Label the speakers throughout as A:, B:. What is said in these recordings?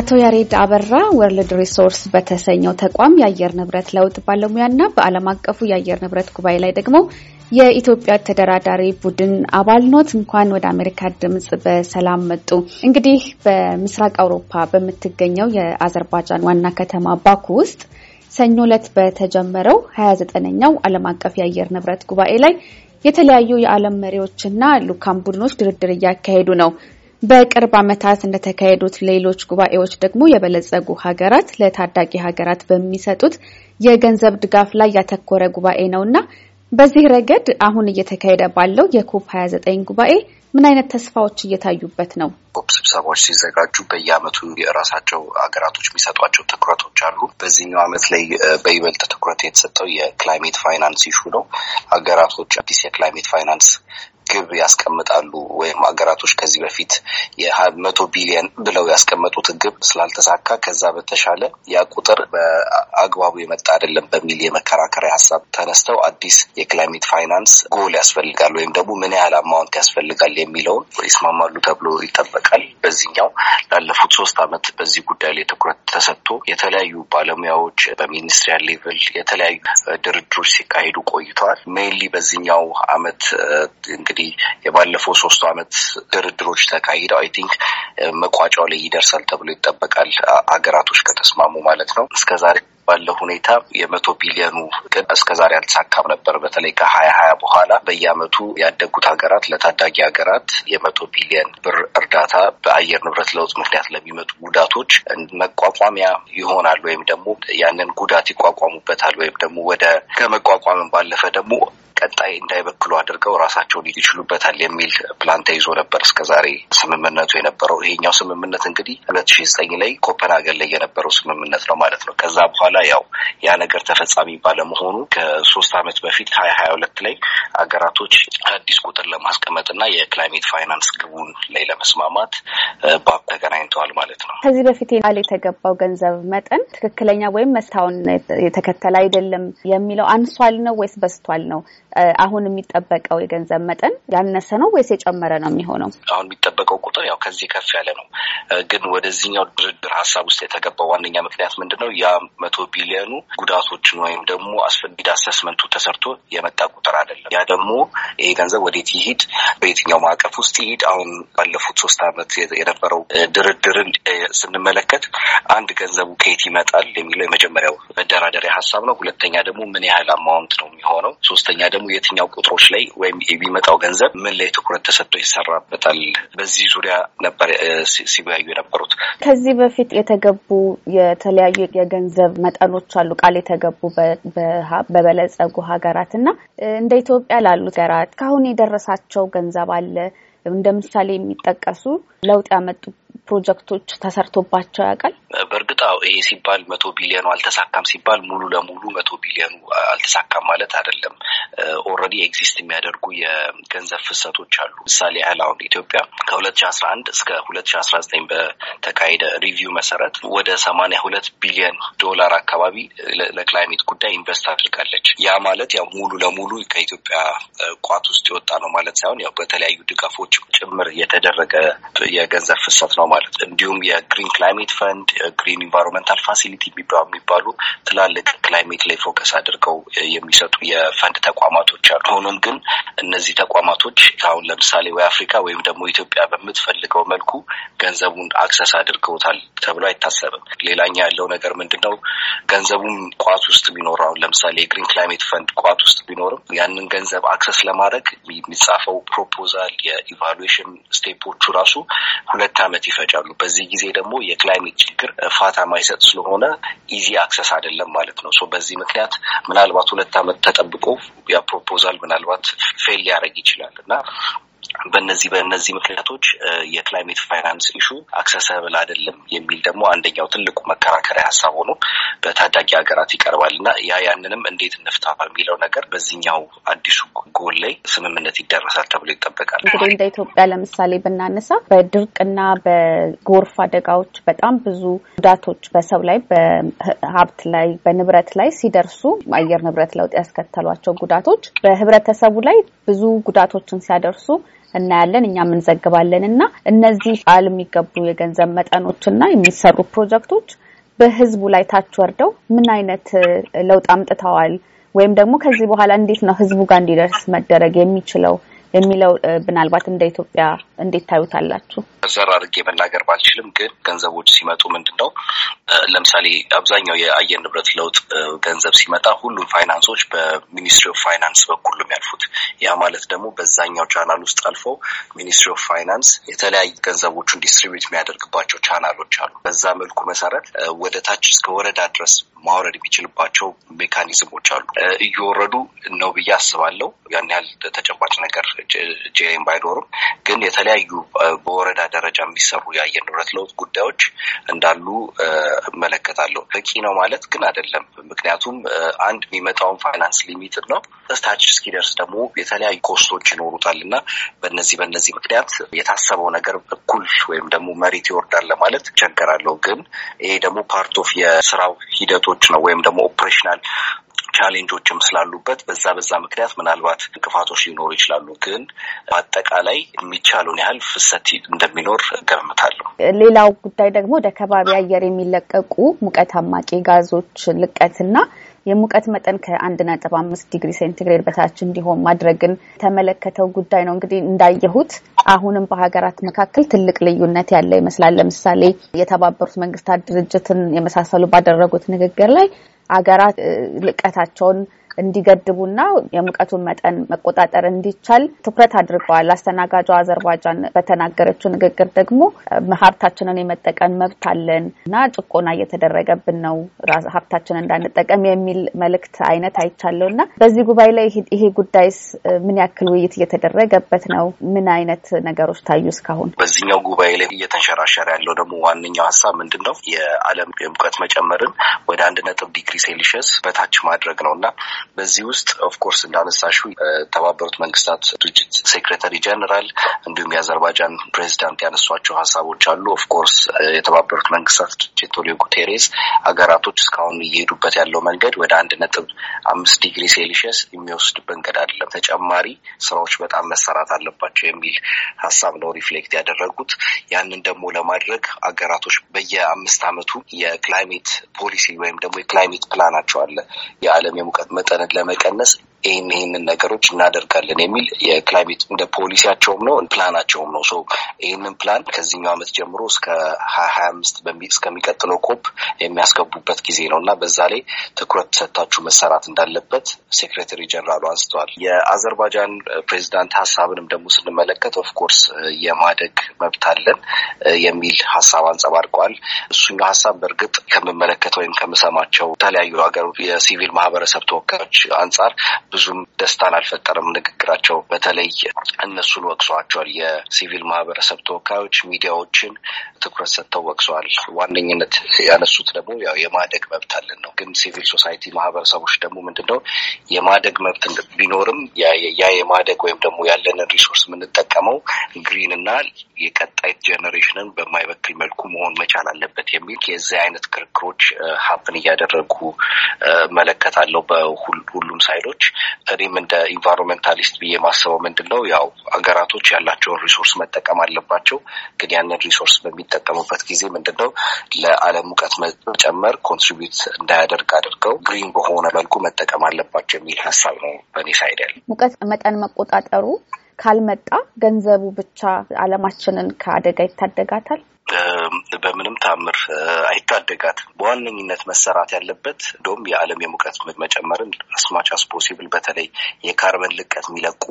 A: አቶ ያሬድ አበራ ወርልድ ሪሶርስ በተሰኘው ተቋም የአየር ንብረት ለውጥ ባለሙያና በዓለም አቀፉ የአየር ንብረት ጉባኤ ላይ ደግሞ የኢትዮጵያ ተደራዳሪ ቡድን አባል ኖት። እንኳን ወደ አሜሪካ ድምጽ በሰላም መጡ። እንግዲህ በምስራቅ አውሮፓ በምትገኘው የአዘርባጃን ዋና ከተማ ባኩ ውስጥ ሰኞ ዕለት በተጀመረው 29ኛው ዓለም አቀፍ የአየር ንብረት ጉባኤ ላይ የተለያዩ የዓለም መሪዎችና ልኡካን ቡድኖች ድርድር እያካሄዱ ነው። በቅርብ ዓመታት እንደተካሄዱት ሌሎች ጉባኤዎች ደግሞ የበለጸጉ ሀገራት ለታዳጊ ሀገራት በሚሰጡት የገንዘብ ድጋፍ ላይ ያተኮረ ጉባኤ ነውና በዚህ ረገድ አሁን እየተካሄደ ባለው የኮፕ 29 ጉባኤ ምን አይነት ተስፋዎች እየታዩበት ነው?
B: ኮፕ ስብሰባዎች ሲዘጋጁ በየአመቱ የራሳቸው ሀገራቶች የሚሰጧቸው ትኩረቶች አሉ። በዚህኛው አመት ላይ በይበልጥ ትኩረት የተሰጠው የክላይሜት ፋይናንስ ይሹ ነው። ሀገራቶች አዲስ የክላይሜት ፋይናንስ ግብ ያስቀምጣሉ ወይም ሀገራቶች ከዚህ በፊት የመቶ ቢሊየን ብለው ያስቀመጡት ግብ ስላልተሳካ ከዛ በተሻለ ያ ቁጥር በአግባቡ የመጣ አይደለም በሚል የመከራከሪያ ሀሳብ ተነስተው አዲስ የክላይሜት ፋይናንስ ጎል ያስፈልጋል ወይም ደግሞ ምን ያህል አማውንት ያስፈልጋል የሚለውን ይስማማሉ ተብሎ ይጠበቃል። በዚህኛው ላለፉት ሶስት አመት በዚህ ጉዳይ ላይ ትኩረት ተሰጥቶ የተለያዩ ባለሙያዎች በሚኒስትሪያል ሌቭል የተለያዩ ድርድሮች ሲካሄዱ ቆይተዋል። ሜይንሊ በዚህኛው አመት እንግዲህ የባለፈው ሶስቱ አመት ድርድሮች ተካሂደው አይ ቲንክ መቋጫው ላይ ይደርሳል ተብሎ ይጠበቃል። አገራቶች ከተስማሙ ማለት ነው። እስከዛሬ ባለው ሁኔታ የመቶ ቢሊዮኑ ግን እስከዛሬ አልተሳካም ነበር። በተለይ ከሀያ ሀያ በኋላ በየአመቱ ያደጉት ሀገራት ለታዳጊ ሀገራት የመቶ ቢሊዮን ብር እርዳታ በአየር ንብረት ለውጥ ምክንያት ለሚመጡ ጉዳቶች መቋቋሚያ ይሆናል ወይም ደግሞ ያንን ጉዳት ይቋቋሙበታል ወይም ደግሞ ወደ ከመቋቋምን ባለፈ ደግሞ ቀጣይ እንዳይበክሉ አድርገው ራሳቸውን ይችሉበታል የሚል ፕላን ተይዞ ነበር እስከዛሬ ስምምነቱ የነበረው። ይሄኛው ስምምነት እንግዲህ ሁለት ሺ ዘጠኝ ላይ ኮፐንሀገን ላይ የነበረው ስምምነት ነው ማለት ነው። ከዛ በኋላ ያው ያ ነገር ተፈጻሚ ባለመሆኑ ከሶስት አመት በፊት ሀያ ሀያ ሁለት ላይ አገራቶች አዲስ ቁጥር ለማስቀመጥ እና የክላይሜት ፋይናንስ ግቡን ላይ ለመስማማት ባብ ተገናኝተዋል ማለት ነው።
A: ከዚህ በፊት ቃል የተገባው ገንዘብ መጠን ትክክለኛ ወይም መስታውን የተከተለ አይደለም የሚለው አንሷል ነው ወይስ በስቷል ነው? አሁን የሚጠበቀው የገንዘብ መጠን ያነሰ ነው ወይስ የጨመረ ነው የሚሆነው?
B: አሁን የሚጠበቀው ቁጥር ያው ከዚህ ከፍ ያለ ነው። ግን ወደዚህኛው ድርድር ሀሳብ ውስጥ የተገባው ዋነኛ ምክንያት ምንድን ነው? ያ መቶ ቢሊዮኑ ጉዳቶችን ወይም ደግሞ አስፈላጊ አሰስመንቱ ተሰርቶ የመጣ ቁጥር አይደለም። ያ ደግሞ ይሄ ገንዘብ ወዴት ይሂድ፣ በየትኛው ማዕቀፍ ውስጥ ይሂድ። አሁን ባለፉት ሶስት ዓመት የነበረው ድርድርን ስንመለከት አንድ ገንዘቡ ከየት ይመጣል የሚለው የመጀመሪያው መደራደሪያ ሀሳብ ነው። ሁለተኛ ደግሞ ምን ያህል አማውንት ነው የሚሆነው። ሶስተኛ ደግሞ የትኛው ቁጥሮች ላይ ወይም የሚመጣው ገንዘብ ምን ላይ ትኩረት ተሰጥቶ ይሰራበታል። በዚህ ዙሪያ ነበር ሲወያዩ የነበሩት።
A: ከዚህ በፊት የተገቡ የተለያዩ የገንዘብ መጠኖች አሉ ቃል የተገቡ በበለጸጉ ሀገራት እና እንደ ኢትዮጵያ ላሉ ሀገራት ካሁን የደረሳቸው ገንዘብ አለ እንደ ምሳሌ የሚጠቀሱ ለውጥ ያመጡ ፕሮጀክቶች ተሰርቶባቸው ያውቃል?
B: በእርግጥ ይሄ ሲባል መቶ ቢሊዮኑ አልተሳካም ሲባል ሙሉ ለሙሉ መቶ ቢሊዮኑ አልተሳካም ማለት አይደለም። ኦልሬዲ ኤግዚስት የሚያደርጉ የገንዘብ ፍሰቶች አሉ። ምሳሌ ያህል አሁን ኢትዮጵያ ከሁለት ሺ አስራ አንድ እስከ ሁለት ሺ አስራ ዘጠኝ በተካሄደ ሪቪው መሰረት ወደ ሰማንያ ሁለት ቢሊዮን ዶላር አካባቢ ለክላይሜት ጉዳይ ኢንቨስት አድርጋለች። ያ ማለት ያው ሙሉ ለሙሉ ከኢትዮጵያ ቋት ውስጥ የወጣ ነው ማለት ሳይሆን ያው በተለያዩ ድጋፎች ጭምር የተደረገ የገንዘብ ፍሰት ነው ማለት እንዲሁም የግሪን ክላይሜት ፈንድ፣ ግሪን ኢንቫይሮንመንታል ፋሲሊቲ የሚባሉ ትላልቅ ክላይሜት ላይ ፎከስ አድርገው የሚሰጡ የፈንድ ተቋማቶች አሉ። ሆኖም ግን እነዚህ ተቋማቶች አሁን ለምሳሌ ወይ አፍሪካ ወይም ደግሞ ኢትዮጵያ በምትፈልገው መልኩ ገንዘቡን አክሰስ አድርገውታል ተብሎ አይታሰብም። ሌላኛ ያለው ነገር ምንድን ነው? ገንዘቡም ቋት ውስጥ ቢኖር አሁን ለምሳሌ የግሪን ክላይሜት ፈንድ ቋት ውስጥ ቢኖርም ያንን ገንዘብ አክሰስ ለማድረግ የሚጻፈው ፕሮፖዛል የኢቫሉዌሽን ስቴፖቹ ራሱ ሁለት ዓመት ይፈ ይረጫሉ። በዚህ ጊዜ ደግሞ የክላይሜት ችግር ፋታ ማይሰጥ ስለሆነ ኢዚ አክሰስ አይደለም ማለት ነው። በዚህ ምክንያት ምናልባት ሁለት ዓመት ተጠብቆ ያ ፕሮፖዛል ምናልባት ፌል ሊያደርግ ይችላል እና በነዚህ በእነዚህ ምክንያቶች የክላይሜት ፋይናንስ ኢሹ አክሰሰብል አይደለም የሚል ደግሞ አንደኛው ትልቁ መከራከሪያ ሀሳብ ሆኖ በታዳጊ ሀገራት ይቀርባል እና ያ ያንንም እንዴት እንፍታ በሚለው ነገር በዚህኛው አዲሱ ጎል ላይ ስምምነት ይደረሳል ተብሎ ይጠበቃል።
A: እንግዲህ እንደ ኢትዮጵያ ለምሳሌ ብናነሳ በድርቅና በጎርፍ አደጋዎች በጣም ብዙ ጉዳቶች በሰው ላይ፣ በሀብት ላይ፣ በንብረት ላይ ሲደርሱ አየር ንብረት ለውጥ ያስከተሏቸው ጉዳቶች በህብረተሰቡ ላይ ብዙ ጉዳቶችን ሲያደርሱ እናያለን፣ እኛም እንዘግባለን እና እነዚህ ቃል የሚገቡ የገንዘብ እና የሚሰሩ ፕሮጀክቶች በህዝቡ ላይ ታች ወርደው ምን አይነት ለውጥ አምጥተዋል ወይም ደግሞ ከዚህ በኋላ እንዴት ነው ህዝቡ ጋር እንዲደርስ መደረግ የሚችለው የሚለው ምናልባት እንደ ኢትዮጵያ እንዴት ታዩታላችሁ?
B: ዘር አድርጌ መናገር ባልችልም ግን ገንዘቦች ሲመጡ ምንድን ነው ለምሳሌ አብዛኛው የአየር ንብረት ለውጥ ገንዘብ ሲመጣ ሁሉም ፋይናንሶች በሚኒስትሪ ኦፍ ፋይናንስ በኩል ነው የሚያልፉት። ያ ማለት ደግሞ በዛኛው ቻናል ውስጥ አልፈው ሚኒስትሪ ኦፍ ፋይናንስ የተለያዩ ገንዘቦቹን ዲስትሪቢዩት የሚያደርግባቸው ቻናሎች አሉ። በዛ መልኩ መሰረት ወደ ታች እስከ ወረዳ ድረስ ማውረድ የሚችልባቸው ሜካኒዝሞች አሉ። እየወረዱ ነው ብዬ አስባለሁ። ያን ያህል ተጨባጭ ነገር ጄሬን ባይኖርም ግን የተለያዩ በወረዳ ደረጃ የሚሰሩ የአየር ንብረት ለውጥ ጉዳዮች እንዳሉ እመለከታለሁ። በቂ ነው ማለት ግን አይደለም። ምክንያቱም አንድ የሚመጣውን ፋይናንስ ሊሚት ነው ታች እስኪደርስ ደግሞ የተለያዩ ኮስቶች ይኖሩታል እና በነዚህ በነዚህ ምክንያት የታሰበው ነገር እኩል ወይም ደግሞ መሬት ይወርዳል ለማለት ይቸገራለሁ። ግን ይሄ ደግሞ ፓርት ኦፍ የስራው ሂደቶች ነው ወይም ደግሞ ኦፕሬሽናል ቻሌንጆችም ስላሉበት በዛ በዛ ምክንያት ምናልባት እንቅፋቶች ሊኖሩ ይችላሉ። ግን በአጠቃላይ የሚቻለውን ያህል ፍሰት እንደሚኖር እገምታለሁ።
A: ሌላው ጉዳይ ደግሞ ወደ ከባቢ አየር የሚለቀቁ ሙቀት አማቂ ጋዞች ልቀትና የሙቀት መጠን ከአንድ ነጥብ አምስት ዲግሪ ሴንቲግሬድ በታች እንዲሆን ማድረግን የተመለከተው ጉዳይ ነው። እንግዲህ እንዳየሁት አሁንም በሀገራት መካከል ትልቅ ልዩነት ያለ ይመስላል። ለምሳሌ የተባበሩት መንግስታት ድርጅትን የመሳሰሉ ባደረጉት ንግግር ላይ አገራት ልቀታቸውን እንዲገድቡና የሙቀቱን መጠን መቆጣጠር እንዲቻል ትኩረት አድርገዋል። አስተናጋጇ አዘርባጃን በተናገረችው ንግግር ደግሞ ሀብታችንን የመጠቀም መብት አለን እና ጭቆና እየተደረገብን ነው ሀብታችንን እንዳንጠቀም የሚል መልእክት አይነት አይቻለው እና በዚህ ጉባኤ ላይ ይሄ ጉዳይስ ምን ያክል ውይይት እየተደረገበት ነው? ምን አይነት ነገሮች ታዩ እስካሁን?
B: በዚህኛው ጉባኤ ላይ እየተንሸራሸረ ያለው ደግሞ ዋነኛው ሀሳብ ምንድን ነው? የዓለም የሙቀት መጨመርን ወደ አንድ ነጥብ ዲግሪ ሴልሺየስ በታች ማድረግ ነው እና በዚህ ውስጥ ኦፍኮርስ እንዳነሳሹ የተባበሩት መንግስታት ድርጅት ሴክሬታሪ ጀነራል እንዲሁም የአዘርባይጃን ፕሬዚዳንት ያነሷቸው ሀሳቦች አሉ። ኦፍኮርስ የተባበሩት መንግስታት ድርጅት ቶሌ ጉቴሬስ ሀገራቶች እስካሁን እየሄዱበት ያለው መንገድ ወደ አንድ ነጥብ አምስት ዲግሪ ሴልሺየስ የሚወስድ መንገድ አይደለም፣ ተጨማሪ ስራዎች በጣም መሰራት አለባቸው የሚል ሀሳብ ነው ሪፍሌክት ያደረጉት። ያንን ደግሞ ለማድረግ ሀገራቶች በየአምስት አመቱ የክላይሜት ፖሊሲ ወይም ደግሞ የክላይሜት ፕላናቸው አለ የዓለም የሙቀት መጠን መጠንን ለመቀነስ ይህን ይህንን ነገሮች እናደርጋለን የሚል የክላይሜት እንደ ፖሊሲያቸውም ነው ፕላናቸውም ነው። ሶ ይህንን ፕላን ከዚህኛው ዓመት ጀምሮ እስከ ሀያ ሀያ አምስት እስከሚቀጥለው ኮፕ የሚያስገቡበት ጊዜ ነው እና በዛ ላይ ትኩረት ሰጥታችሁ መሰራት እንዳለበት ሴክሬታሪ ጀነራሉ አንስተዋል። የአዘርባይጃን ፕሬዚዳንት ሀሳብንም ደግሞ ስንመለከት ኦፍኮርስ የማደግ መብት አለን የሚል ሀሳብ አንጸባርቀዋል። እሱኛው ሀሳብ በእርግጥ ከምመለከት ወይም ከምሰማቸው የተለያዩ ሀገር የሲቪል ማህበረሰብ ተወካዮች አንጻር ብዙም ደስታን አልፈጠረም ንግግራቸው። በተለይ እነሱን ወቅሰዋቸዋል። የሲቪል ማህበረሰብ ተወካዮች ሚዲያዎችን ትኩረት ሰጥተው ወቅሰዋል። ዋነኝነት ያነሱት ደግሞ ያው የማደግ መብት አለን ነው። ግን ሲቪል ሶሳይቲ ማህበረሰቦች ደግሞ ምንድነው የማደግ መብት ቢኖርም ያ የማደግ ወይም ደግሞ ያለንን ሪሶርስ የምንጠቀመው ግሪን እና የቀጣይ ጀኔሬሽንን በማይበክል መልኩ መሆን መቻል አለበት የሚል የዚህ አይነት ክርክሮች ሀፕን እያደረጉ እመለከታለሁ በሁሉም ሳይሎች እኔም እንደ ኢንቫይሮንመንታሊስት ብዬ ማስበው ምንድን ነው ያው አገራቶች ያላቸውን ሪሶርስ መጠቀም አለባቸው። ግን ያንን ሪሶርስ በሚጠቀሙበት ጊዜ ምንድን ነው ለዓለም ሙቀት መጨመር ኮንትሪቢዩት እንዳያደርግ አድርገው ግሪን በሆነ መልኩ መጠቀም አለባቸው የሚል ሀሳብ ነው በእኔ ሳይድ ያለ
A: ሙቀት መጠን መቆጣጠሩ ካልመጣ ገንዘቡ ብቻ አለማችንን ከአደጋ ይታደጋታል።
B: በምንም ታምር አይታደጋትም። በዋነኝነት መሰራት ያለበት እንደውም የዓለም የሙቀት መጨመርን አስማች አስ ፖሲብል በተለይ የካርበን ልቀት የሚለቁ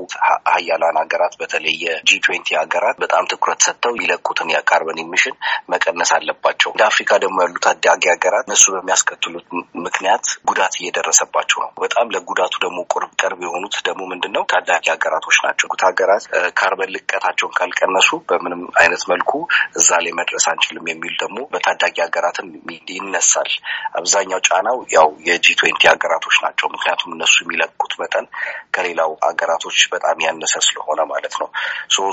B: ሀያላን ሀገራት በተለይ የጂ ትዌንቲ ሀገራት በጣም ትኩረት ሰጥተው ይለቁትን የካርበን ኢሚሽን መቀነስ አለባቸው። እንደ አፍሪካ ደግሞ ያሉ ታዳጊ ሀገራት እነሱ በሚያስከትሉት ምክንያት ጉዳት እየደረሰባቸው ነው። በጣም ለጉዳቱ ደግሞ ቁርብ ቅርብ የሆኑት ደግሞ ምንድን ነው ታዳጊ ሀገራቶች ናቸው። ሀገራት ካርበን ልቀታቸውን ካልቀነሱ በምንም አይነት መልኩ እዛ ላይ መድረስ አንችልም የሚል ደግሞ በታዳጊ ሀገራትም ይነሳል። አብዛኛው ጫናው ያው የጂ ትዌንቲ ሀገራቶች ናቸው። ምክንያቱም እነሱ የሚለቁት መጠን ከሌላው ሀገራቶች በጣም ያነሰ ስለሆነ ማለት ነው።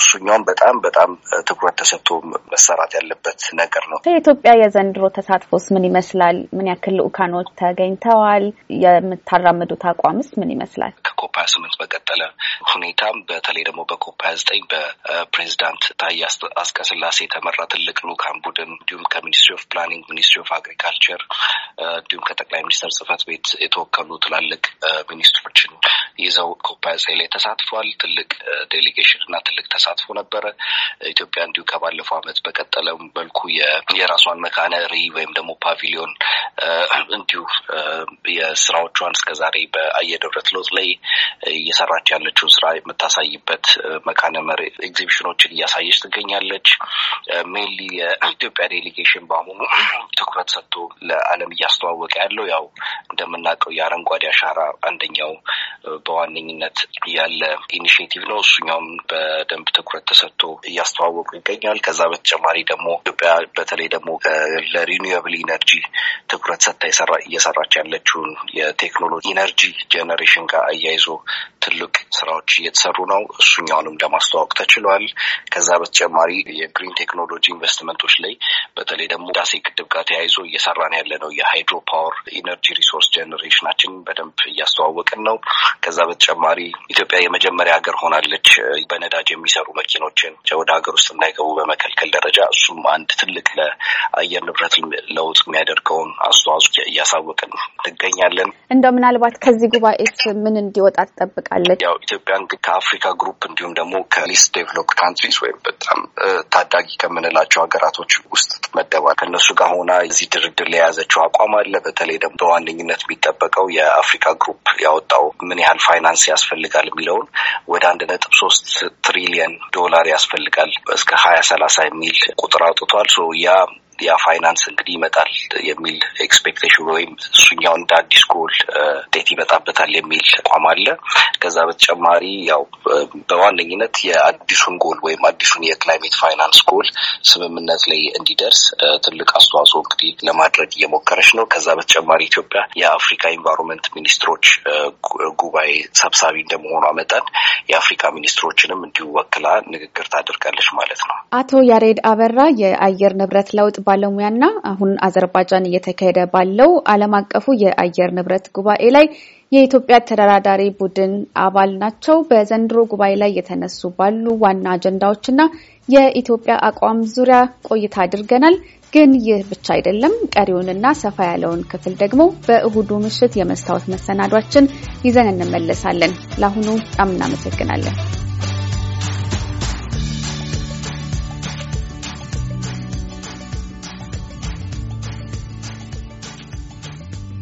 B: እሱኛውም በጣም በጣም ትኩረት ተሰጥቶ መሰራት ያለበት ነገር ነው።
A: የኢትዮጵያ የዘንድሮ ተሳትፎስ ምን ይመስላል? ምን ያክል ልኡካኖች ተገኝተዋል? የምታራምዱት አቋምስ ምን ይመስላል?
B: ኮፕ ሀያ ስምንት በቀጠለ ሁኔታም በተለይ ደግሞ በኮፕ ሀያ ዘጠኝ በፕሬዚዳንት ታዬ አስቀስላሴ የተመራ ትልቅ ልዑካን ቡድን እንዲሁም ከሚኒስ ሚኒስትሪ ኦፍ ፕላኒንግ፣ ሚኒስትሪ ኦፍ አግሪካልቸር እንዲሁም ከጠቅላይ ሚኒስትር ጽህፈት ቤት የተወከሉ ትላልቅ ሚኒስትሮችን ይዘው ኮፓያሴ ላይ ተሳትፏል። ትልቅ ዴሊጌሽን እና ትልቅ ተሳትፎ ነበረ። ኢትዮጵያ እንዲሁ ከባለፈው ዓመት በቀጠለ መልኩ የራሷን መካነሪ ወይም ደግሞ ፓቪሊዮን እንዲሁ የስራዎቿን እስከዛሬ በአየር ንብረት ለውጥ ላይ እየሰራች ያለችውን ስራ የምታሳይበት መካነ መሪ ኤግዚቢሽኖችን እያሳየች ትገኛለች። ሜንሊ የኢትዮጵያ ዴሊጌሽን በአሁኑ ትኩረት ሰጥቶ ለዓለም እያስተዋወቀ ያለው ያው እንደምናውቀው የአረንጓዴ አሻራ አንደኛው በዋነኝነት ያለ ኢኒሽቲቭ ነው። እሱኛውም በደንብ ትኩረት ተሰጥቶ እያስተዋወቁ ይገኛል። ከዛ በተጨማሪ ደግሞ ኢትዮጵያ በተለይ ደግሞ ለሪኒዌብል ኢነርጂ ትኩረት ሰጥታ እየሰራች ያለችውን የቴክኖሎጂ ኢነርጂ ጄኔሬሽን ጋር አያይዞ ትልቅ ስራዎች እየተሰሩ ነው። እሱኛውንም ለማስተዋወቅ ተችሏል። ከዛ በተጨማሪ የግሪን ቴክኖሎጂ ኢንቨስትመንቶች ላይ በተለይ ደግሞ ከህዳሴ ግድብ ጋር ተያይዞ እየሰራን ያለ ነው። የሃይድሮ ፓወር ኢነርጂ ሪሶርስ ጀኔሬሽናችን በደንብ እያስተዋወቅን ነው። ከዛ በተጨማሪ ኢትዮጵያ የመጀመሪያ ሀገር ሆናለች በነዳጅ የሚሰሩ መኪኖችን ወደ ሀገር ውስጥ እንዳይገቡ በመከልከል ደረጃ እሱም አንድ ትልቅ ለአየር ንብረት ለውጥ የሚያደርገውን አስተዋጽኦ እያሳወቅን እንገኛለን።
A: እንደው ምናልባት ከዚህ ጉባኤ ምን እንዲወጣ ትጠብቃለች?
B: ያው ኢትዮጵያ ከአፍሪካ ግሩፕ እንዲሁም ደግሞ ከሊስት ዴቨሎፕ ካንትሪስ ወይም በጣም ታዳጊ ከምንላቸው ሀገራቶች ውስጥ መደባል ከነሱ ጋር ሆና እዚህ ድርድር ላይ የያዘችው አቋም አለ። በተለይ ደግሞ በዋነኝነት የሚጠበቀው የአፍሪካ ግሩፕ ያወጣው ምን ያህል ፋይናንስ ያስፈልጋል የሚለውን ወደ አንድ ነጥብ ሶስት ትሪሊየን ዶላር ያስፈልጋል እስከ ሀያ ሰላሳ የሚል ቁጥር አውጥቷል። ያ ያ ፋይናንስ እንግዲህ ይመጣል የሚል ኤክስፔክቴሽን ወይም እሱኛው እንደ አዲስ ጎል ዴት uh, ይመጣበታል የሚል ተቋም አለ። ከዛ በተጨማሪ ያው uh, በዋነኝነት የአዲሱን ጎል ወይም አዲሱን የክላይሜት ፋይናንስ ጎል ስምምነት ላይ እንዲደርስ uh, ትልቅ አስተዋጽኦ እንግዲህ ለማድረግ እየሞከረች ነው። ከዛ በተጨማሪ ኢትዮጵያ የአፍሪካ ኢንቫይሮንመንት ሚኒስትሮች ጉባኤ ሰብሳቢ እንደመሆኗ መጠን የአፍሪካ ሚኒስትሮችንም እንዲወክላ ንግግር ታደርጋለች
A: ማለት ነው። አቶ ያሬድ አበራ የአየር ንብረት ለውጥ ባለሙያና አሁን አዘርባጃን እየተካሄደ ባለው ዓለም አቀፉ የአየር ንብረት ጉባኤ ላይ የኢትዮጵያ ተደራዳሪ ቡድን አባል ናቸው። በዘንድሮ ጉባኤ ላይ የተነሱ ባሉ ዋና አጀንዳዎችና የኢትዮጵያ አቋም ዙሪያ ቆይታ አድርገናል። ግን ይህ ብቻ አይደለም። ቀሪውንና ሰፋ ያለውን ክፍል ደግሞ በእሁዱ ምሽት የመስታወት መሰናዷችን ይዘን እንመለሳለን። ለአሁኑ በጣም እናመሰግናለን።